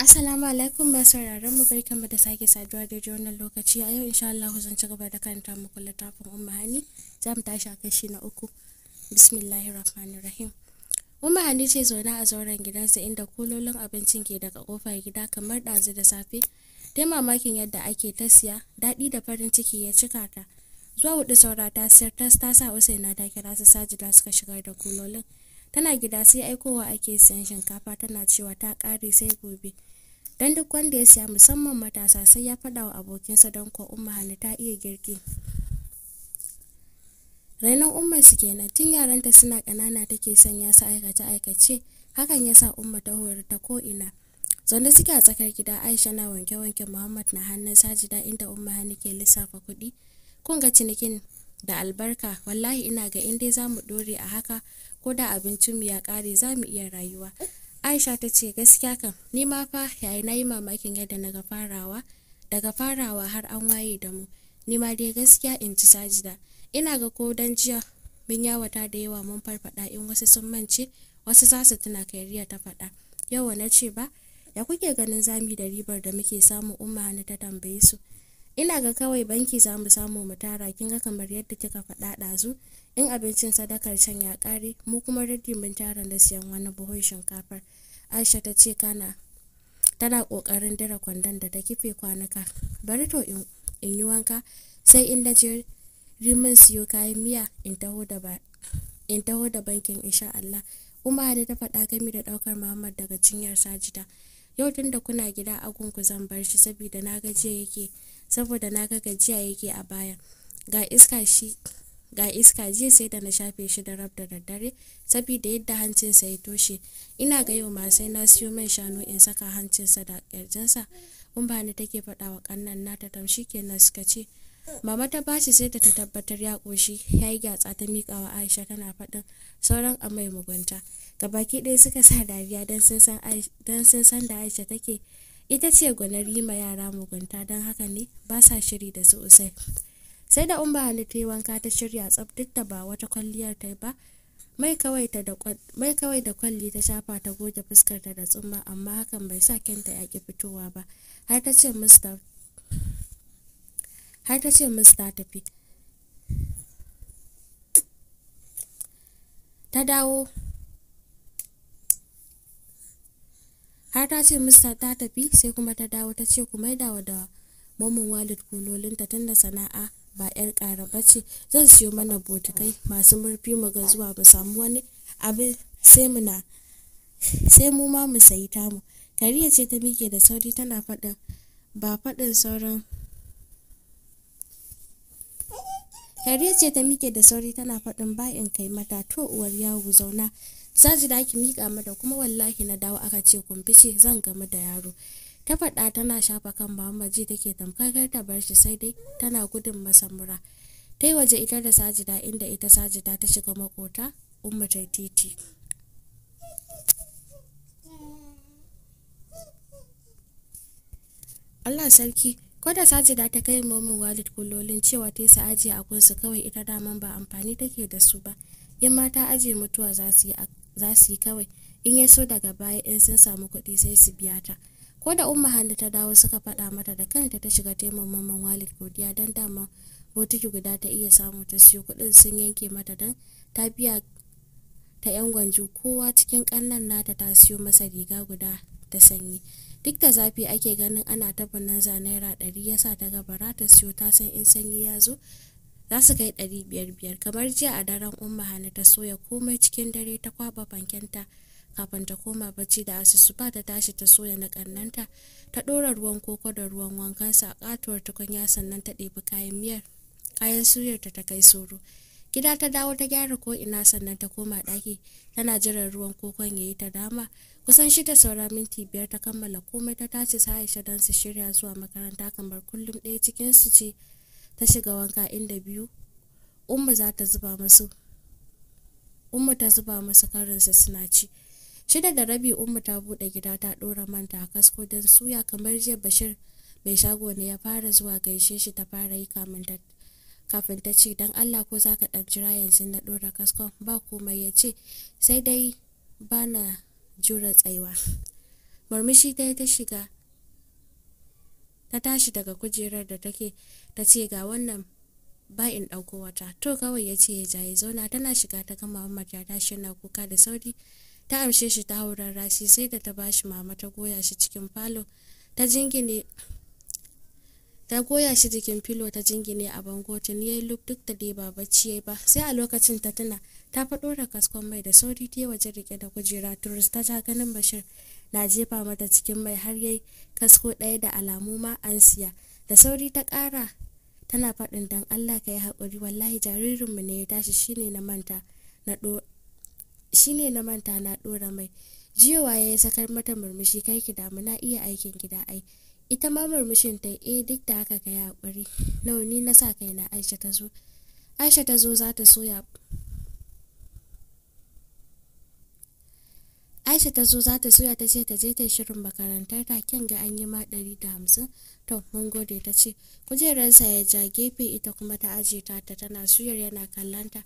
Assalamu alaikum ba sauraron mu bai da sake saduwa da wannan lokaci a yau insha Allah zan ci gaba da karanta muku littafin Umma Hani za mu tashi a kashi na uku Bismillahir Rahmanir Rahim umm ce zauna a zauren gidansa inda kololin abincin ke daga kofar gida kamar ɗazu da safe dai mamakin yadda ake ta siya daɗi da farin ciki ya cika ta zuwa hudu saura ta siyar ta sa na ta kira su Sajida suka shigar da kulolin. tana gida sai aikowa ake siyan shinkafa tana cewa ta ƙare sai gobe don duk wanda ya siya musamman matasa sai ya faɗawa wa abokinsa don ko umma hannu ta iya girki rainon umma su kenan tun yaranta suna ƙanana take sanya su aikace aikace hakan ya sa umma ta horar ta ko ina zonda suke a tsakar gida aisha na wanke wanke muhammad na hannun sajida inda umma hannu ke lissafa kuɗi kun ga cinikin da albarka wallahi ina ga in dai mu dore a haka ko da abincin mu ya kare za mu iya rayuwa aisha ta ce gaskiya kam ni ma fa yayi na yi mamakin yadda naga farawa daga farawa har an waye da mu ni ma dai gaskiya in ci sajida ina ga ko dan jiya mun yawata da yawa mun farfada in wasu sun mance wasu za su tuna kariya ta faɗa yawa na ce ba ya kuke ganin zami da ribar da muke samu umma hannu ta tambaye su ina ga kawai banki za mu samu mutara tara kin kamar yadda kika faɗa ɗazu in abincin sadakar can ya kare mu kuma rage mun tara da siyan wani buhun shinkafar aisha ta ce kana tana kokarin dira kwandon da ta kife kwanuka bari to in yi wanka sai in da je rimin siyo kayan miya in taho da bankin insha Allah kuma da ta faɗa gami da ɗaukar Muhammad daga cinyar sajida yau tun da kuna gida agunku zan bar shi saboda na gajiya yake gajiya yake a baya ga iska shi ga iska jiya sai da na shafe shi da rab da daddare saboda yadda hancinsa ya toshe ina ga yau ma sai na siyo man shanu in saka hancinsa da kirjinsa in ba ni take faɗa wa ƙannan nata tamshi kenan suka ce mama ta bashi sai da ta tabbatar ya ƙoshi ya yi gyatsa ta miƙa wa aisha tana faɗin sauran amai mai mugunta gabaki ɗaya suka sa dariya don sun san da aisha take ita ce gwanar yi ma yara mugunta don haka ne ba sa shiri da su usai sai da umba hali ta yi wanka ta shirya tsab duk da ba wata kwalliyar ta ba mai kawai da kwalli ta shafa ta goge fuskar ta da tsumma amma hakan bai sa kenta yaki fitowa ba har ta ce musu tafi ta dawo har ta ce mista ta tafi sai kuma ta dawo ta ce ku maida wa da momin walid kulolinta da sana'a ba yar ƙara ba ce zan siyo mana botikai masu murfi mu ga zuwa ba samu wani abin sai muna sai mu ma mu sayi tamu kariya ce ta mike da sauri tana faɗin ba faɗin sauran kariya ce ta mike da sauri tana faɗin ba in kai mata to uwar yawo zauna da ki mika mata kuma wallahi na dawo aka ce kumfice zan gamu da yaro ta faɗa tana shafa kan Muhammad ta take tamkar ta bar shi sai dai tana gudun masamura ta yi waje ita da sajida inda ita sajida ta shiga makota umma ta titi Allah sarki ko da sajida ta kai momin walid kullolin cewa ta yi sa'aji a kunsu kawai ita daman ba amfani take da su ba yin mata aji mutuwa za su yi kawai in ya so daga baya in sun samu kuɗi sai su biya ta ko da umma hannu ta dawo suka faɗa mata da kanta ta shiga taimakon mamman walid godiya don dama botiki guda ta iya samu ta siyo kuɗin sun yanke mata don ta biya ta yan gwanju kowa cikin ƙannan nata ta siyo masa riga guda ta sanyi duk da zafi ake ganin ana tabbanin naira ɗari yasa ta gabara ta siyo ta san in sanyi ya zo za su kai ɗari biyar biyar kamar jiya a daren umma hannu ta soya komai cikin dare ta kwaba fankenta kafin ta koma bacci da ba ta tashi ta soya na kannanta ta ɗora ruwan koko da ruwan wankan a katuwar tukunya sannan ta ɗebi kayan miyar kayan suyarta ta kai soro gida ta dawo ta gyara ko ina sannan ta koma ɗaki tana jiran ruwan kokon yi ta dama kusan shida saura minti biyar ta kammala komai ta tace sa aisha don su shirya zuwa makaranta kamar kullum ɗaya cikin su ce ta shiga wanka inda biyu umu za ta zuba masu umma ta zuba karinsa suna ci shida da rabi umma ta bude gida ta dora manta a kasko don suya kamar jiya bashir mai shago ne ya fara zuwa gaishe shi ta fara yi kafin ta ce don allah ko za ka ɗan jira yanzu na dora kasko ba komai ya ce sai dai ba na jura tsaiwa murmushi ɗaya ta shiga ta tashi daga kujerar da take ta ce ga wannan ba in ɗauko wata to kawai ya ce ya ja ya zauna tana shiga ta gama mamar ta tashi na kuka da sauri ta amshe shi ta hau rashi sai da ta bashi mama ta goya shi cikin falo ta jingine ta goya shi jikin filo ta jingine a bango tun yayi lub duk da dai ba bacci yayi ba sai a lokacin ta tuna ta faɗo da kaskon mai da sauri ta waje rike da kujera turus ta ja ganin bashir na jefa mata cikin mai har yayi kasko ɗaya da alamu ma an siya da sauri ta ƙara tana faɗin dan allah ka yi haƙuri wallahi jaririnmu ne ya tashi shine na manta na shine na manta na ɗora mai jiyowa ya yi sakar mata murmushi kai ki damu na iya aikin gida ai ita ma murmushin ta eh duk da haka ka hakuri nawa ni na sa kai na aisha ta zo aisha ta zo za ta soya aisha ta zo za ta soya ta ce ta je ta shirin makarantar ta kin ga an yi ma ɗari da hamsin to mun gode ta ce kujerarsa ya ja gefe ita kuma ta aje ta ta tana suyar yana kallanta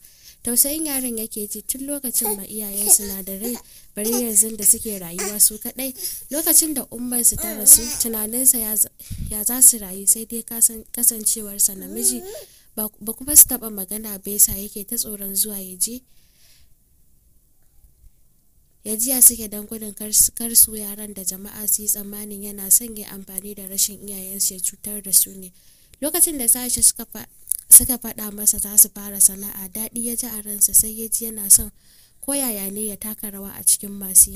tausayin yaron yake ji tun lokacin ma iyayensu na da bari yanzu da suke rayuwa su kadai lokacin da ummarsu ta rasu tunaninsa ya za su rayu sai dai kasancewarsa namiji ba kuma su taba magana bai sa yake ta tsoron zuwa ya je ya jiya suke don gudun kar yaran da jama'a su yi tsammanin yana son yin amfani da rashin iyayensu ya cutar da su ne lokacin da sashe suka faɗa masa za su fara sana'a daɗi ya ji a ransa sai ya ji yana son koyaya ne ya taka rawa a cikin masu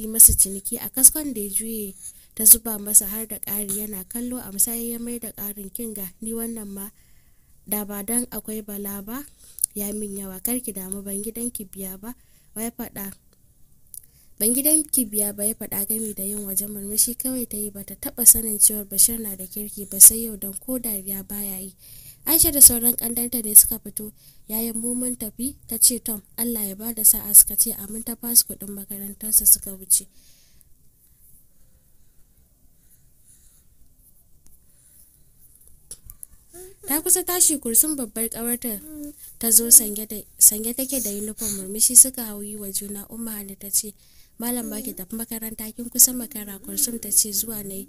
yi masu ciniki a kaskon da ya juye ta zuba masa har da ƙari yana kallo a musayar ya mai da ƙarin kinga ni wannan ma da ba don akwai bala ba ya min yawa karki damu ban gidanki biya ba ya faɗa ban gidan kibiya ba ya faɗa gami da yin wajen murmushi kawai ta yi ba ta taɓa sanin cewar bashir na da kirki ba sai yau don ko dariya baya yi aisha da sauran ƙandarta ne suka fito yayin mumun tafi ta ce tom allah ya ba bada sa'a suka ce amin ta basu kuɗin makarantarsa suka wuce ta kusa tashi kursun babbar kawarta ta zo sange take da yunifom murmushi suka hau yi wa juna umma da ta ce malam ba ki tafi makaranta kin kusa makara kursun ta ce zuwa na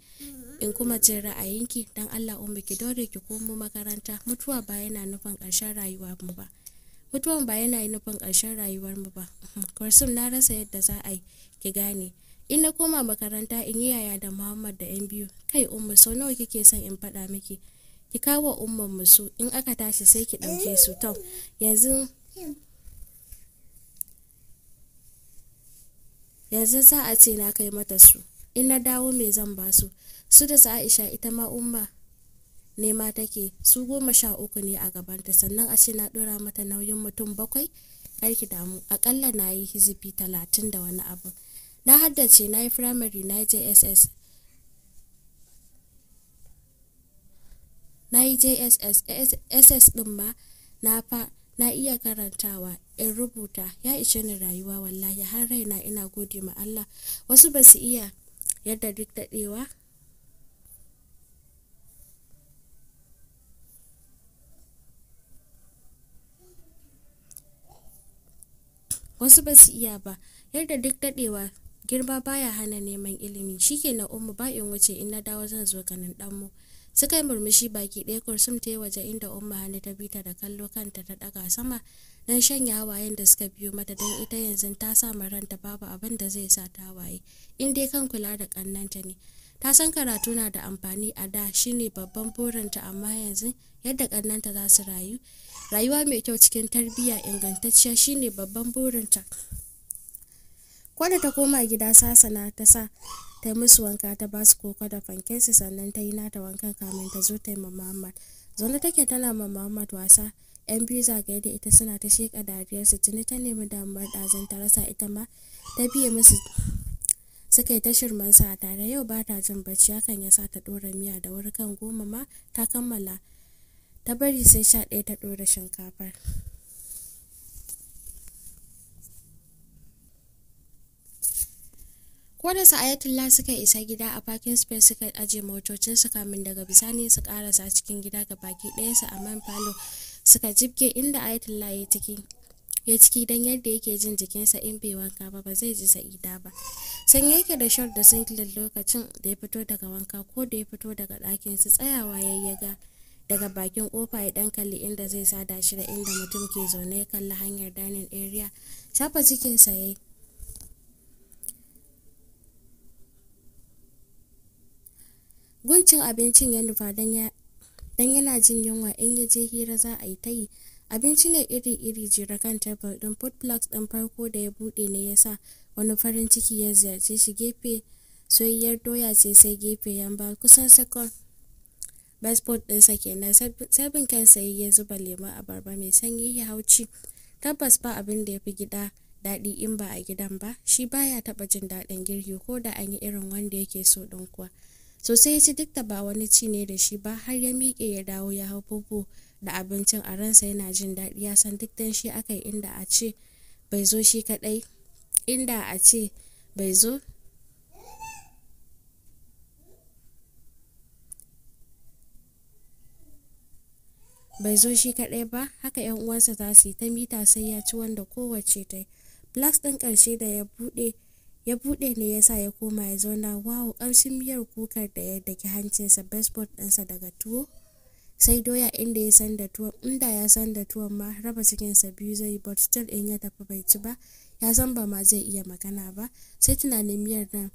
in kuma jin ra'ayinki dan allah umma ki dore ki komo makaranta mutuwa ba yana nufin ƙarshen rayuwar mu ba mutuwan ba yana nufin ƙarshen rayuwar mu ba kursun na rasa yadda za a yi ki gane in na koma makaranta in yi yaya da muhammad da yan biyu kai umma sau nawa kike son in faɗa miki ki kawo umman su in aka tashi sai ki ɗauke su to yanzu yanzu za a ce na kai mata su in na dawo mai zan ba su su da aisha ita ma umma ne ma take su goma sha uku ne a gabanta sannan a ce na ɗora mata nauyin mutum bakwai karki damu akalla na yi hizibi talatin da wani abu na haddace na yi firamare na yi jss na yi jss ss din ma na fa na iya karantawa in rubuta ya ishe ni rayuwa wallahi har raina ina gode ma Allah wasu ba su iya yadda duk daɗewa wasu ba su iya ba yadda duk daɗewa girma baya hana neman ilimi shike na umu ba in wuce in na dawo zan zo ganin ɗanmu suka yi murmushi baki ɗaya kursum ta yi waje inda umma hali ta bi ta da kallo kanta ta ɗaga sama don shanya hawayen da suka biyo mata don ita yanzu ta sa samu ranta babu abin da zai sa ta waye in dai kan kula da kannanta ne ta san karatu na da amfani a da shine babban burinta amma yanzu yadda kannanta za su rayu rayuwa mai kyau cikin tarbiyya ingantacciya shine babban burinta kwada ta koma gida sasana ta sa ta yi musu wanka ta ba su koko da sannan ta yi nata wankan kamin ta zo ta yi ma muhammad zaune take tana ma muhammad wasa yan biyu zagaye da ita suna ta sheƙa dariyarsu tuni ta nemi damuwar ɗazan ta rasa ita ma ta biye musu suka yi ta shirman sa tare yau ba ta jin bacci hakan ya sa ta ɗora miya da wuri kan goma ma ta kammala ta bari sai sha ɗaya ta ɗora shinkafar ko da su Ayatollah suka isa gida a parking space suka aje su kamin daga bisani su karasa cikin gida ga baki su a man falo suka jibge inda Ayatollah ya ciki. ya ciki don yadda yake jin jikinsa in bai wanka ba ba zai ji sa'ida ba san yake da short da singlet lokacin da ya fito daga wanka ko da ya fito daga ɗakin su tsayawa ya ga daga bakin kofa ya dan kalli inda zai sada shi da inda mutum ke zaune ya kalli hanyar dining area shafa cikinsa ya yi guncin abincin ya nufa don yana jin yunwa in ya je hira za a yi ta yi abinci ne iri-iri jira kan tebur ɗin food plugs ɗin farko da ya buɗe ne ya sa wani farin ciki ya ziyarce shi gefe soyayyar doya ce sai gefe yamba kusan sakon baseball ɗinsa kenan kan kansa ya zuba a abarba mai sanyi ya hauci tabbas ba abin da ya fi gida daɗi in ba a gidan ba shi baya taɓa jin daɗin girki ko da an yi irin wanda yake so ɗin kuwa sosai ya ci duk da ba wani ci ne da shi ba har ya miƙe ya dawo ya hau fufu da abincin a ransa yana jin daɗi ya san duk dan shi aka yi inda a ce bai zo shi kaɗai inda a ce bai zo bai zo shi kaɗai ba haka yan uwansa za su yi ta mita sai ya ci wanda kowace ta yi blacks ɗin ƙarshe da ya buɗe ya bude ne ya sa ya koma ya zauna wawo ƙamshin miyar kukar da ya daki hancinsa baseball ɗinsa daga tuwo sai doya inda ya san da tuwon inda ya san da tuwon ma raba cikinsa biyu zai but still in ya tafi bai ci ba ya san ba ma zai iya magana ba sai tunanin miyar nan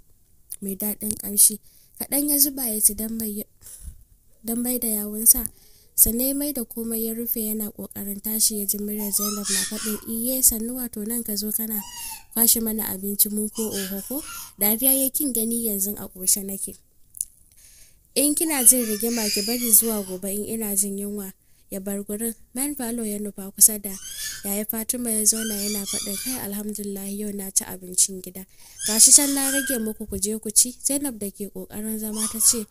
mai daɗin ƙamshi kaɗan ya zuba ya ci don bai da yawunsa sannan mai da komai ya rufe yana kokarin tashi ya ji murya zainab na faɗin iye sannu wato nan ka zo kana kwashe mana abinci mu ko oho ko dariya ya kin gani yanzu a ƙoshe nake in kina jin rigima ki bari zuwa gobe in ina jin yunwa ya bar gurin man falo ya nufa kusa da yayi fatima ya zauna yana faɗin kai alhamdulillah yau na ci abincin gida gashi can na rage muku ku je ku ci zainab da ke ƙoƙarin zama ta ce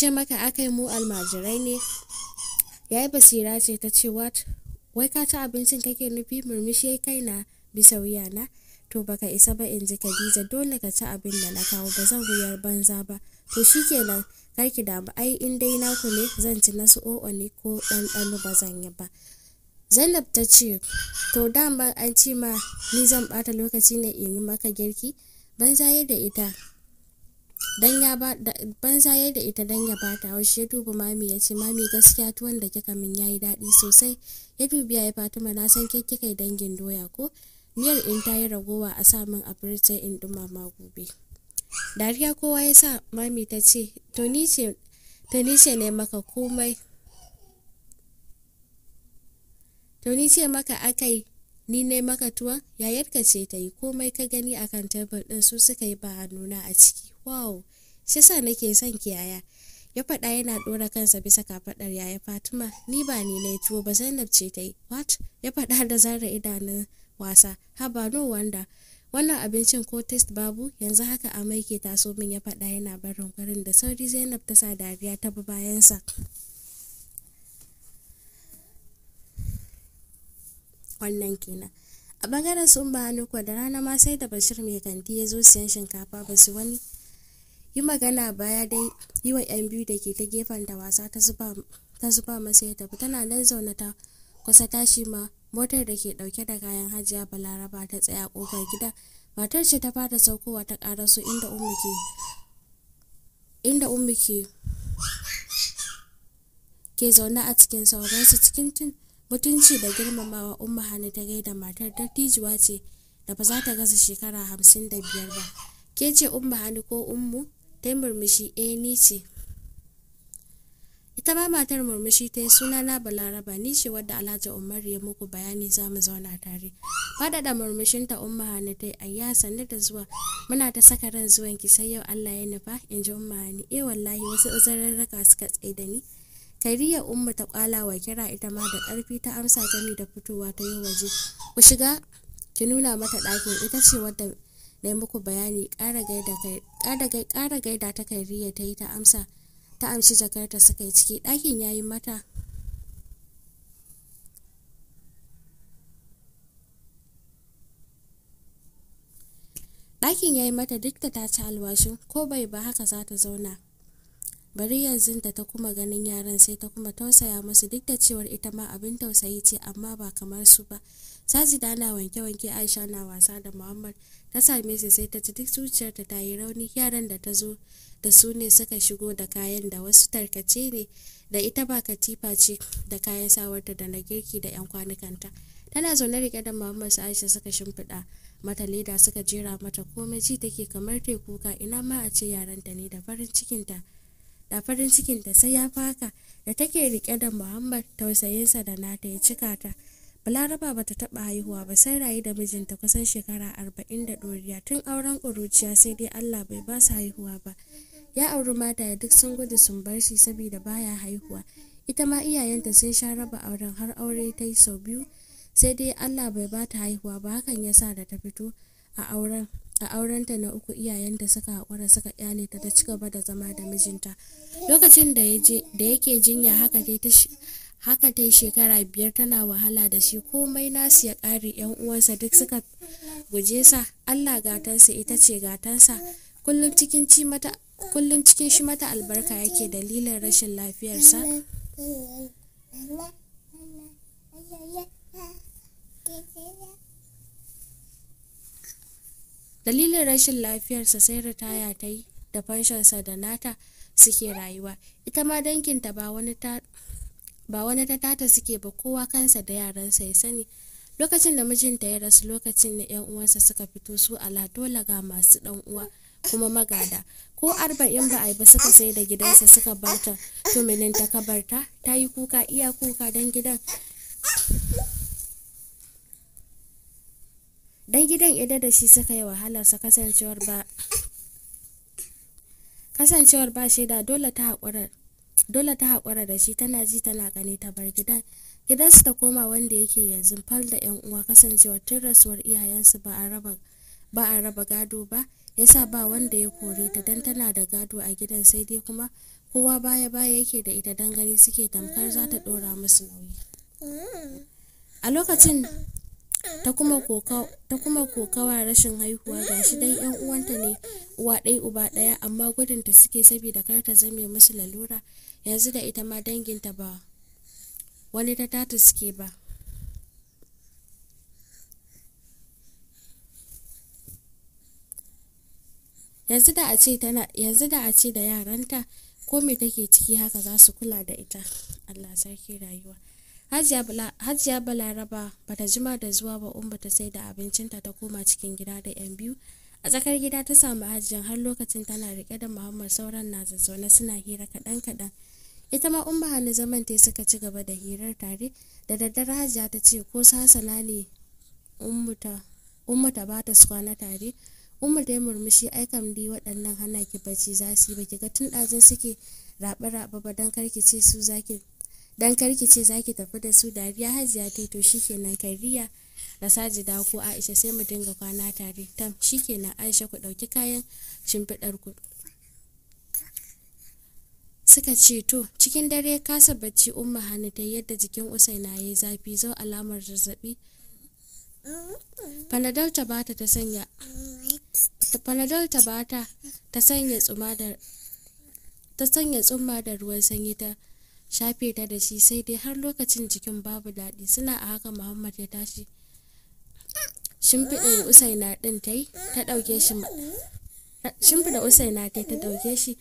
ce maka aka yi mu almajirai ne ya yi basira ce ta ce wat wai ka ci abincin kake nufi murmushi kai na bisa wuya na to baka isa ba in ji Khadija dole ka ci abin da na kawo ba zan wuyar banza ba to shikenan kar ki damu ai in dai naku ne zan ci nasu o'o ne ko ɗanɗano ba zan yi ba Zainab ta ce to dama an ci ma ni zan bata lokaci ne in yi maka girki banza yadda ita dan ya ba banza ya da ita dan ya ba ta haushi ya duba mami ya ce mami gaskiya tuwon da kika min yayi dadi sosai ya dubi ya fatima na san ke kika dangin doya ko miyar in ta yi ragowa a sa min a sai in dumama gobe dariya kowa ya sa mami ta ce to ni ce ne maka komai to ni ce maka akai ni ne maka tuwon yayarka ce ta yi komai ka gani akan tebur din su suka yi ba hannuna a ciki wow shi sa nake son kiyaya ya faɗa yana ɗora kansa bisa kafaɗar yaya fatima ni ba ni na tuwo ba zainab ce ta yi what ya faɗa da zara idanun wasa haba no wanda wannan abincin ko test babu yanzu haka amai ke taso min ya faɗa yana barin gurin da sauri zainab ta sa dariya ta bi bayansa wannan kenan a bangaren sun ba hannu da rana ma sai da bashir mai kanti ya zo siyan shinkafa ba su wani yi magana baya dai yi wa yan biyu da ke ta gefen da wasa ta zuba masa ya tafi tana nan zaune ta kusa tashi ma motar da ke dauke da kayan hajiya balaraba ta tsaya kofar gida matar ce ta fara saukowa ta karasu inda umu ke inda umu ke ke zaune a cikin sauransu cikin mutunci da girmamawa umu hannu ta gaida matar dattijuwa ce da ba za ta gasa shekara hamsin da biyar ba ke ce umu hannu ko ummu ta yi murmushi eh ni ce ita ba matar murmushi ta yi suna na balaraba ni ce wadda alhaji umar ya muku bayani za mu zauna tare faɗaɗa murmushinta umma hani ta yi ayya sannu da zuwa muna ta saka ran zuwan ki sai yau allah ya nufa in ji umma hani eh wallahi wasu uzurarraka suka tsaye da ni kariya umma ta kwala wa kira ita ma da ƙarfi ta amsa gami da fitowa ta yi waje ku shiga ki nuna mata ɗakin ita ce wadda na yi muku bayani ƙara gaida ta riya ta yi ta amsa ta amshi jakarta suka yi ciki ɗakin ya yi mata ɗakin ya yi mata duk da ta ci alwashin ko bai ba haka za ta zauna bari yanzu da ta kuma ganin yaran sai ta kuma tausaya masu duk da cewar ita ma abin tausayi ce amma ba kamar su ba sazi na wanke-wanke aisha na wasa da muhammad ta same su sai ta ci duk zuciyarta ta yi rauni yaran da ta zo da su ne suka shigo da kayan da wasu tarkace ne da ita ba katifa ce da kayan sawarta da na girki da 'yan kwanukanta tana zaune rike da muhammad su aisha suka shimfiɗa mata leda suka jera mata komai ji take kamar ta kuka ina ma a ce yaranta ne da farin cikinta da farin cikinta sai ya faka da take rike da muhammad tausayinsa da nata ya cika ta balaraba ba ta taɓa haihuwa ba sai rayu da mijinta kusan shekara arba'in da ɗoriya tun auren ƙuruciya sai dai allah bai ba su haihuwa ba ya auri mata ya duk sun gudu sun bar shi saboda baya haihuwa ita ma iyayenta sun sha raba auren har aure ta yi sau biyu sai dai allah bai ba ta haihuwa ba hakan ya sa da ta fito a auren a aurenta na uku iyayenta suka haƙura suka ƙyale ta ta ci gaba da zama da mijinta lokacin da yake jinya haka dai haka ta yi shekara biyar tana wahala da shi komai nasu ya ƙari yan uwansa duk suka guje sa allah gatansa ita ce gatansa kullum cikin shi mata albarka yake dalilin rashin lafiyarsa dalilin rashin lafiyarsa sai ritaya ta yi da fanshonsa da nata suke rayuwa ita ma danginta ba wani ta ba wani ta tata suke ba kowa kansa da yaransa ya sani lokacin da mijinta ya rasu lokacin da yan uwansa suka fito su ala dole ga masu dan uwa kuma magada ko arba'in ba a yi ba suka sai da gidansa suka barta to ta kabarta ta yi kuka iya kuka dan gidan dan gidan ida da shi suka yi wahalarsa kasancewar ba kasancewar ba shaida dole ta haƙurar dole ta haƙura da shi tana ji tana gani ta bar gidan gidansu ta koma wanda yake yanzu fal da yan uwa kasancewa tun rasuwar iyayensu ba a raba ba a raba gado ba yasa ba wanda ya kore ta dan tana da gado a gidan sai dai kuma kowa baya baya yake da ita dan gani suke tamkar za ta dora musu nauyi a lokacin ta kuma kokawa rashin haihuwa gashi dai yan uwanta ne uwa ɗaya uba ɗaya amma gudun ta suke saboda kar ta zame musu lalura yanzu da ita ma danginta ba wani ta tata suke ba yanzu da a ce da yaranta ko me take ciki haka za su kula da ita Allah sarki rayuwa Hajiya Balaraba ba ta jima da zuwa ba umba ta sai da abincinta ta koma cikin gida da yan biyu a tsakar gida ta samu hajiyan har lokacin tana rike da Muhammad sauran na zazzaune suna hira kaɗan kaɗan ita ma umma hannu zaman ta suka ci gaba da hirar tare da daddare hajiya ta ce ko sasala ne umma ta ba ta kwana tare umma ta yi murmushi ai kam di waɗannan hana ki bacci za su yi baki ga tun ɗazin suke raɓe raɓe ba don karki ce su zaki tafi da su dariya hajiya ta yi to shikenan kariya da sajida ko aisha sai mu dinga kwana tare tam shikenan aisha ku ɗauki kayan shimfiɗar ku suka ce to cikin dare kasa bacci umma hannu ta yadda jikin usaina ya yi zafi zau alamar zazzabi panadol ta bata ta sanya ta sanya tsumma da ruwan sanyi ta shafe ta da shi sai dai har lokacin jikin babu daɗi suna a haka muhammad ya tashi shimfiɗin usaina ɗin ta yi ta ɗauke ta ɗauke shi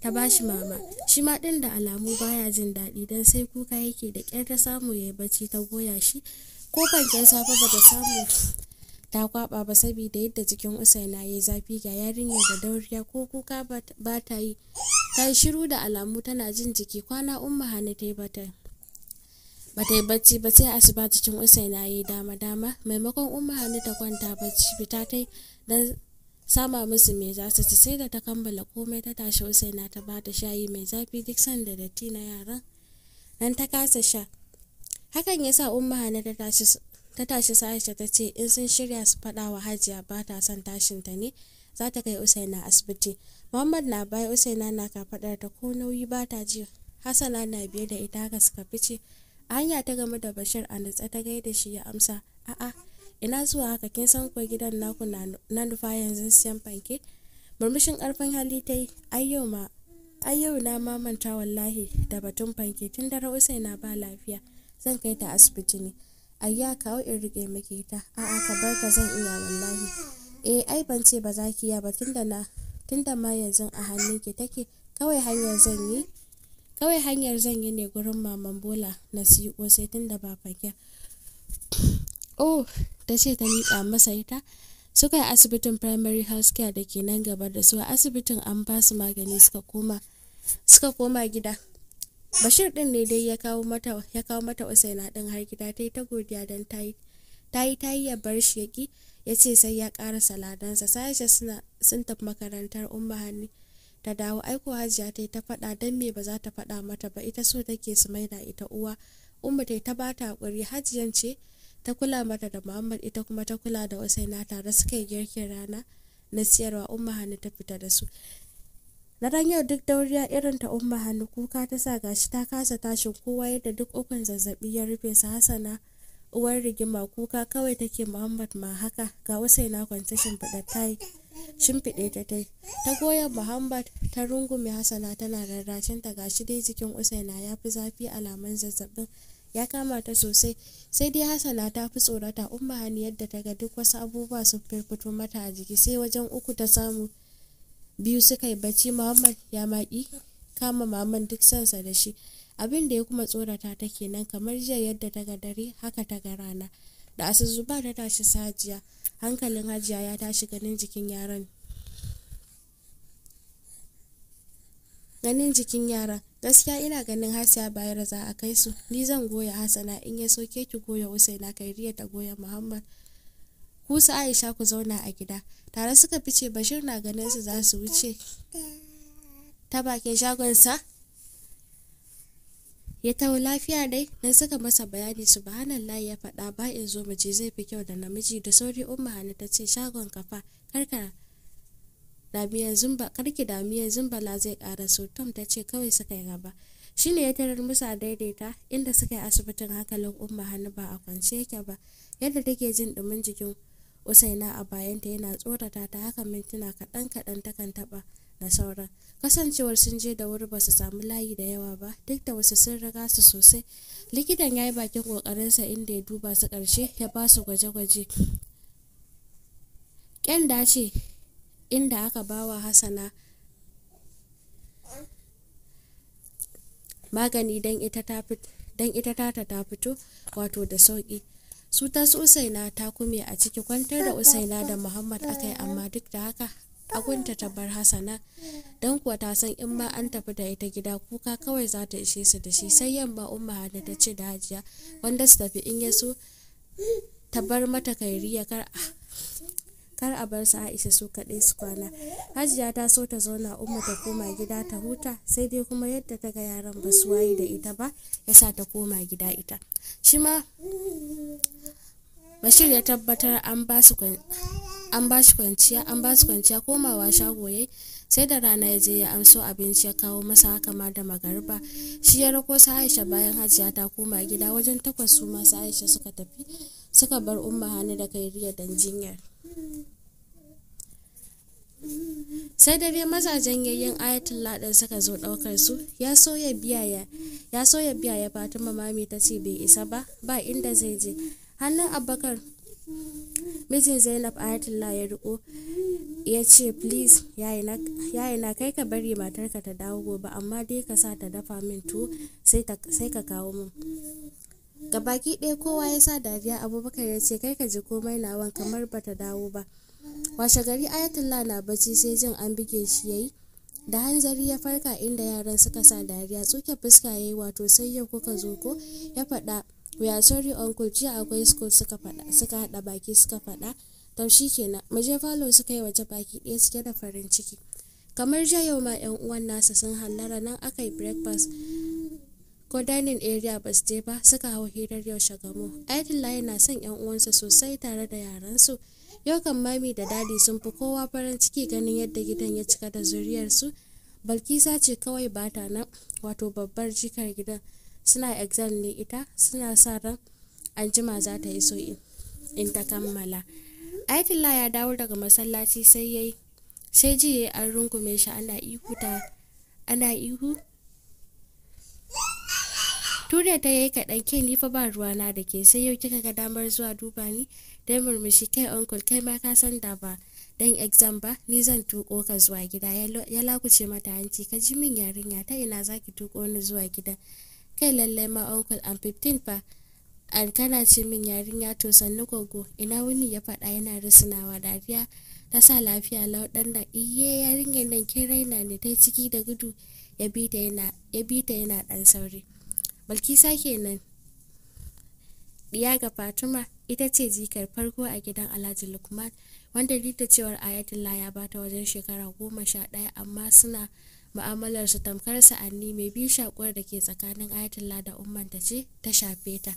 ta bashi mama shi ma din da alamu baya jin daɗi don sai kuka yake da ƙyar ta samu yi bacci ta goya shi ko fanken safe ba ta samu ta kwaba ba saboda yadda jikin usaina yi zafi ga yarinyar da dauriya ko kuka ba ta yi ta yi shiru da alamu tana jin jiki kwana umma hannu ta yi bata ba ta yi bacci ba sai asuba cikin usaina ya yi dama dama maimakon umma hannu ta kwanta bacci fita ta yi. sama musu mai za su ci sai da ta kammala komai ta tashi usaina ta bata shayi mai zafi duk sanda da datti na yaran nan ta kasa sha hakan yasa umma hana ta tashi ta tashi sa'isha ta ce in sun shirya su faɗawa wa hajiya ba ta son tashin ta ne za ta kai usaina asibiti muhammad na bai usaina na kafaɗar ta ko nauyi ba ta ji hasana na biye da ita haka suka fice a hanya ta game da bashir a nutsa ta gaida shi ya amsa a'a ina zuwa haka kin san ko gidan naku na nufa yanzu siyan fanke murmushin karfin hali ta yi ai yau ma na mamanta wallahi da batun fanke tun dare usai na ba lafiya zan kai ta asibiti ne ayya kawo in rike miki ta a'a ka bar ka zan iya wallahi eh ai ban ce ba za ki iya ba da na da ma yanzu a hannun ki take kawai hanyar zan yi kawai hanyar zan yi ne gurin maman bola na siyo sai tun da ba fanke oh ta ce ta miƙa masa ita suka yi asibitin primary health care da ke nan gaba da su a asibitin an ba su magani suka koma koma gida bashir din ne dai ya kawo mata ya kawo mata usaina din har gida ta yi ta godiya don ta yi ta yi ya bar shi yaki ya ce sai ya ƙara saladansa sa'isha suna sun tafi makarantar umma hannu ta dawo aiko hajiya ta yi ta faɗa don me ba za ta faɗa mata ba ita so take su maida ita uwa umma ta yi ta bata hakuri hajiyan ce ta kula mata da muhammad ita kuma ta kula da usaina tare suka yi girkin rana na siyarwa umma hannu ta fita da su na ran yau duk dauriya irin ta umma hannu kuka ta sa gashi ta kasa tashin kowa yadda duk ukun zazzabi ya rufe su hasana uwar rigima kuka kawai take muhammad ma haka ga usaina shin shimfiɗe ta tai ta goya muhammad ta rungume hasana tana rarrashin ta gashi dai jikin usaina ya fi zafi alamun zazzabin ya kama ta sosai sai dai hasana ta fi tsorata umma hani yadda ta ga duk wasu abubuwa sun firfito mata a jiki sai wajen uku ta samu biyu suka yi bacci muhammad ya maki kama maman duk sansa da shi abin da ya kuma tsorata ta kenan kamar jiya yadda ta dare haka ta ga rana da ba ta tashi sajiya hankalin hajiya ya tashi ganin jikin yaron ganin jikin yara gaskiya ina ganin hasiya bayar za a kai su ni zan goya hasana in ya so ke ki goya usaina riya ta goya muhammad ku sa aisha ku zauna a gida tare suka fice bashir na ganin su za su wuce ta bakin shagonsa ya tawo lafiya dai dan suka masa bayani subhanallah ya faɗa ba in zo mu zai fi kyau da namiji da sauri umma hannu ta ce shagon kafa karkara damiyan zumba karki damiyan la zai so tom ta ce kawai suka yi gaba shine ya tarar musa daidaita inda suka yi asibitin hakalin umma hannu ba a kwance yake ba yadda take jin dumin jikin usaina a bayanta yana tsorata ta haka mintuna kaɗan kaɗan kan taɓa da sauran kasancewar sun je da wuri ba su samu layi da yawa ba duk da wasu sun riga su sosai likitan ya yi bakin kokarinsa inda ya duba su karshe ya ba su gwaje-gwaje ƙyan dace inda aka bawa hasana magani don ita tata ta fito wato da sauki su ta su usaina ta kume a ciki kwantar da usaina da muhammad akai amma duk da haka agunta ta bar hasana don kuwa ta san in ma an tafi da ita gida kuka kawai za ta ishe su da shi sai yamma umma hada ta ce da hajiya wanda su tafi in ya so ta bar mata kairiya kar ah, kar a bar su aisha su kaɗai su kwana hajiya ta so ta zauna umma ta koma gida ta huta sai dai kuma yadda ta ga yaran ba su waye da ita ba yasa ta koma gida ita shi ma bashir ya tabbatar an ba su kwanciya an ba su kwanciya komawa shago yayi sai da rana ya je ya amso abinci ya kawo masa haka ma da magariba shi ya rako sa aisha bayan hajiya ta koma gida wajen takwas su masu aisha suka tafi suka bar umma hannu da kai riya dan jinyar sai da dare mazajen yayin ayatul ladan suka zo ɗaukar su ya so ya biya ya so ya biya ya fatima mami ta ce bai isa ba ba inda zai je hannun abubakar mijin zainab ayatullah ya riko ya ce please yayi na kai ka bari matarka ta dawo gobe amma dai ka sa ta dafa min tuwo sai ka kawo min ga baki ɗaya kowa ya sa dariya abubakar ya ce kai ka ji komai lawan kamar bata dawo ba washe gari ayatollah na bacci sai jin an bige shi ya yi. da hanzari ya farka inda yaran suka sa dariya tsuke fuska ya yi wato sai ya kuka zo ko ya faɗa we are sorry uncle jiya akwai school suka faɗa haɗa baki suka faɗa taushi kenan muje falo suka yi waje baki ɗaya cike da farin ciki kamar jiya yau ma yan uwan nasa sun hallara nan aka yi breakfast ko dining area ba su je ba suka hau hirar yau shagamu aidilla yana son yan uwansa sosai tare da yaransu yau kan mami da dadi sun fi kowa farin ciki ganin yadda gidan ya cika da zuriyarsu balkisa ce kawai ba ta nan wato babbar jikar gidan suna exam ne ita suna sa ran anjima za ta iso in ta kammala aidilla ya dawo daga masallaci sai yayi sai ji an rungume shi ana ihu ta ana ihu tura ta yayi kaɗan ke ni fa ba na da ke sai yau kika ga damar zuwa duba ni dai murmushi kai uncle kai ma ka san da ba dan exam ba ni zan tuko ka zuwa gida ya lakuce mata hanci ka ji min yarinya ta ina zaki tuko ni zuwa gida kai lallai ma uncle am 15 fa an kana ce min yarinya to sannu gogo ina wuni ya faɗa yana risinawa dariya ta sa lafiya lau ɗan da iye yarinyar nan ke raina ne ta ciki da gudu ya bi ta yana ɗan sauri balkisa kenan diya ga fatima ita ce jikar farko a gidan alhaji lukman wanda duk da cewar ayatullah ya bata wajen shekara goma sha ɗaya amma suna mu'amalar su tamkar sa'anni mai bi shakuwar da ke tsakanin ayatullah da ummanta ce ta shafe ta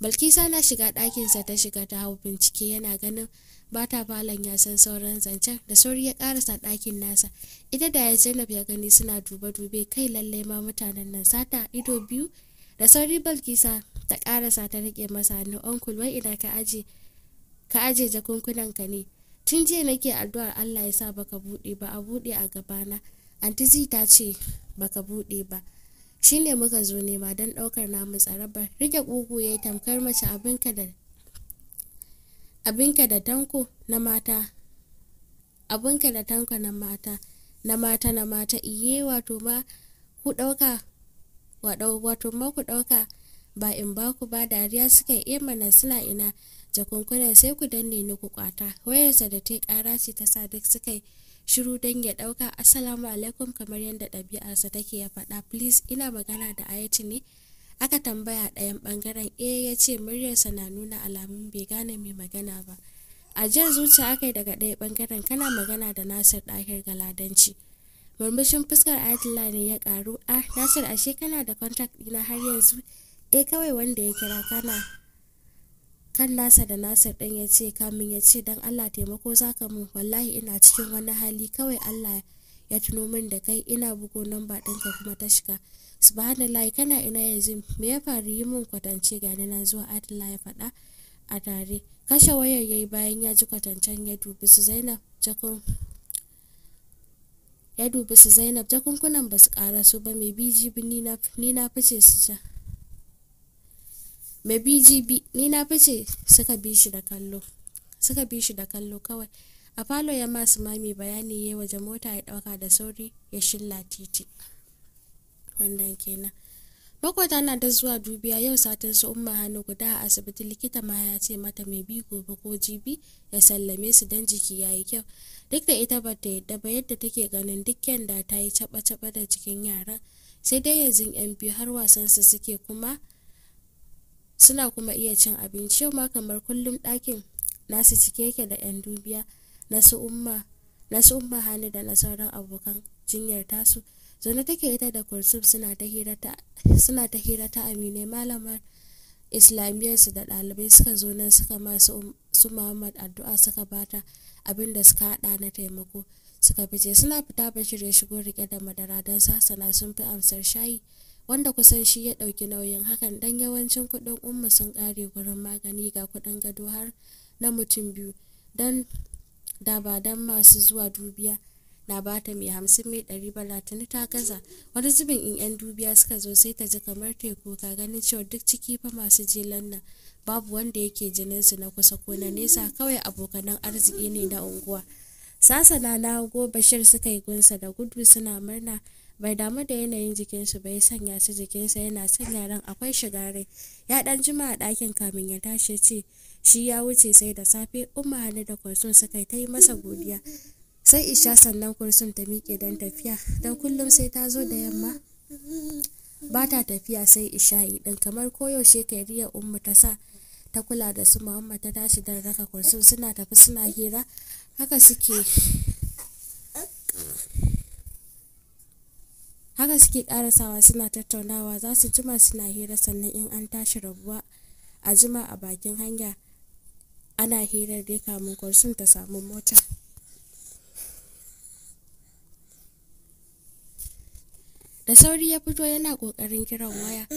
balkisa na shiga ɗakinsa ta shiga ta hau bincike yana ganin bata falon ya san sauran zancen da sauri ya karasa ɗakin nasa ita da ya zainab ya gani suna dube-dube kai lallai ma mutanen nan sata ido biyu da sauri balkisa ta karasa ta rike masa hannu onkul wai ina ka aje ka aje jakunkunan ka ne tun jiya nake addu'ar Allah ya sa baka bude ba a bude a gabana anti zi ta ce baka bude ba shine muka zo ne ma don daukar namu tsarabar rike kugu yayi tamkar mace abinka da abinka da tanko na mata abinka da tanko na mata na mata na mata iye wato ma ku ɗauka wato ma ku ɗauka ba in ba ku ba dariya suka yi eh mana suna ina jakunkuna sai ku danne ni ku kwata wayarsa da ta ƙara ce ta sa duk suka yi shiru don ya ɗauka assalamu alaikum kamar yadda ɗabi'arsa take ya faɗa please ina magana da ayati ne aka tambaya ɗayan ɓangaren e ya ce muryarsa na nuna alamun bai gane mai magana ba a jan zuciya aka yi daga ɗaya ɓangaren kana magana da nasir ɗahir galadanci murmushin fuskar adila ne ya karu a ah, nasir ashe kana da contract dina har yanzu e kawai wanda ya kira kana kan nasa da nasir din ya ce kamin ya ce dan allah taimako zaka mun wallahi ina cikin wani hali kawai allah ya tuno min da kai ina bugo namba ɗinka kuma ta shiga subhanallah kana ina yanzu me ya faru yi mun kwatance gani na zuwa adila ya faɗa a tare kashe wayar yayi bayan ya ji kwatancen ya dubi su zainab jakun ya dubi su zainab jakunkunan ba su kara su ba mai bgb ni na fice su ja mai bgb ni na fice suka bi shi da kallo suka bi shi da kallo kawai a falo ya masu mami bayani ya waje mota ya dauka da sauri ya shilla titi wannan kenan makwata na da zuwa dubiya yau satin su umma hannu guda a asibiti likita ma ya ce mata mai bi gobe ko jibi ya sallame su dan jiki ya yi kyau duk da ita bata yadda ba yadda take ganin duk da ta yi caba caba da cikin yaran sai dai yanzu yan biyu har wasan su suke kuma suna kuma iya cin abinci yau ma kamar kullum ɗakin nasu cike yake da yan dubiya nasu na su umma hannu da na sauran abokan jinyar tasu zaune take ita da kursuf suna ta hira ta amine malamar islamiyarsu da ɗalibai suka zo nan suka masu um, su muhammad addu'a suka bata abin da suka hada na taimako suka fice suna fita bashir ya shigo rike da madara don sasana sun fi amsar shayi wanda kusan shi ya ɗauki nauyin hakan dan yawancin kuɗin umma sun kare gurin magani ga kuɗin gado har na mutum biyu don da ba don masu zuwa dubiya na bata mai hamsin mai ɗari bala tuni ta gaza wani zubin in yan dubiya suka zo sai ta ji kamar teku ka ganin cewa duk ciki fa masu jelan nan babu wanda yake jinin su na kusa ko na nesa kawai abokanan arziki ne na unguwa sasana na go bashir suka yi gunsa da gudu suna murna bai damu da yanayin jikinsu bai sanya su jikinsa yana sanya ran akwai shiga rai ya dan jima a ɗakin kamin ya tashi ce shi ya wuce sai da safe umma da kwaso suka yi ta yi masa godiya sai isha sannan kursun ta miƙe don tafiya don kullum sai ta zo da yamma ba ta tafiya sai isha yi ɗin kamar koyaushe kairiyar umu ta sa ta kula da su muhammad ta tashi don raka kursun suna tafi suna hira haka suke haka suke suna tattaunawa za su jima suna hira sannan in an tashi rabuwa a jima a bakin hanya ana hirar dai kamun kursun ta samu mota da sauri ya fito yana ƙoƙarin kiran waya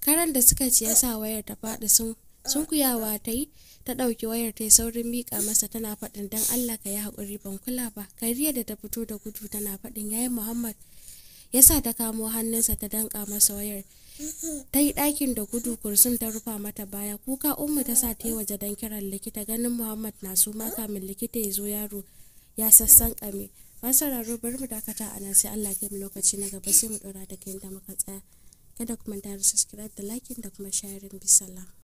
karan da suka ce ya sa wayar ta faɗi sun kuyawa ta yi ta ɗauki wayar ta saurin miƙa masa tana faɗin don allah ka yi haƙuri ban kula ba kariya da ta fito da gudu tana faɗin yayi muhammad ya sa ta kamo hannunsa ta danƙa masa wayar ta yi ɗakin da gudu kursun ta rufa mata baya kuka umma ta sa ta yi waje don kiran likita ganin muhammad na su ma kamin likita ya zo yaro ya sassan ƙame masu sauraro bari mu dakata a nan sai Allah kai mu lokaci na gaba sai mu ɗora daga yadda muka tsaya kada ku manta da subscribe da liking da kuma sharing bisala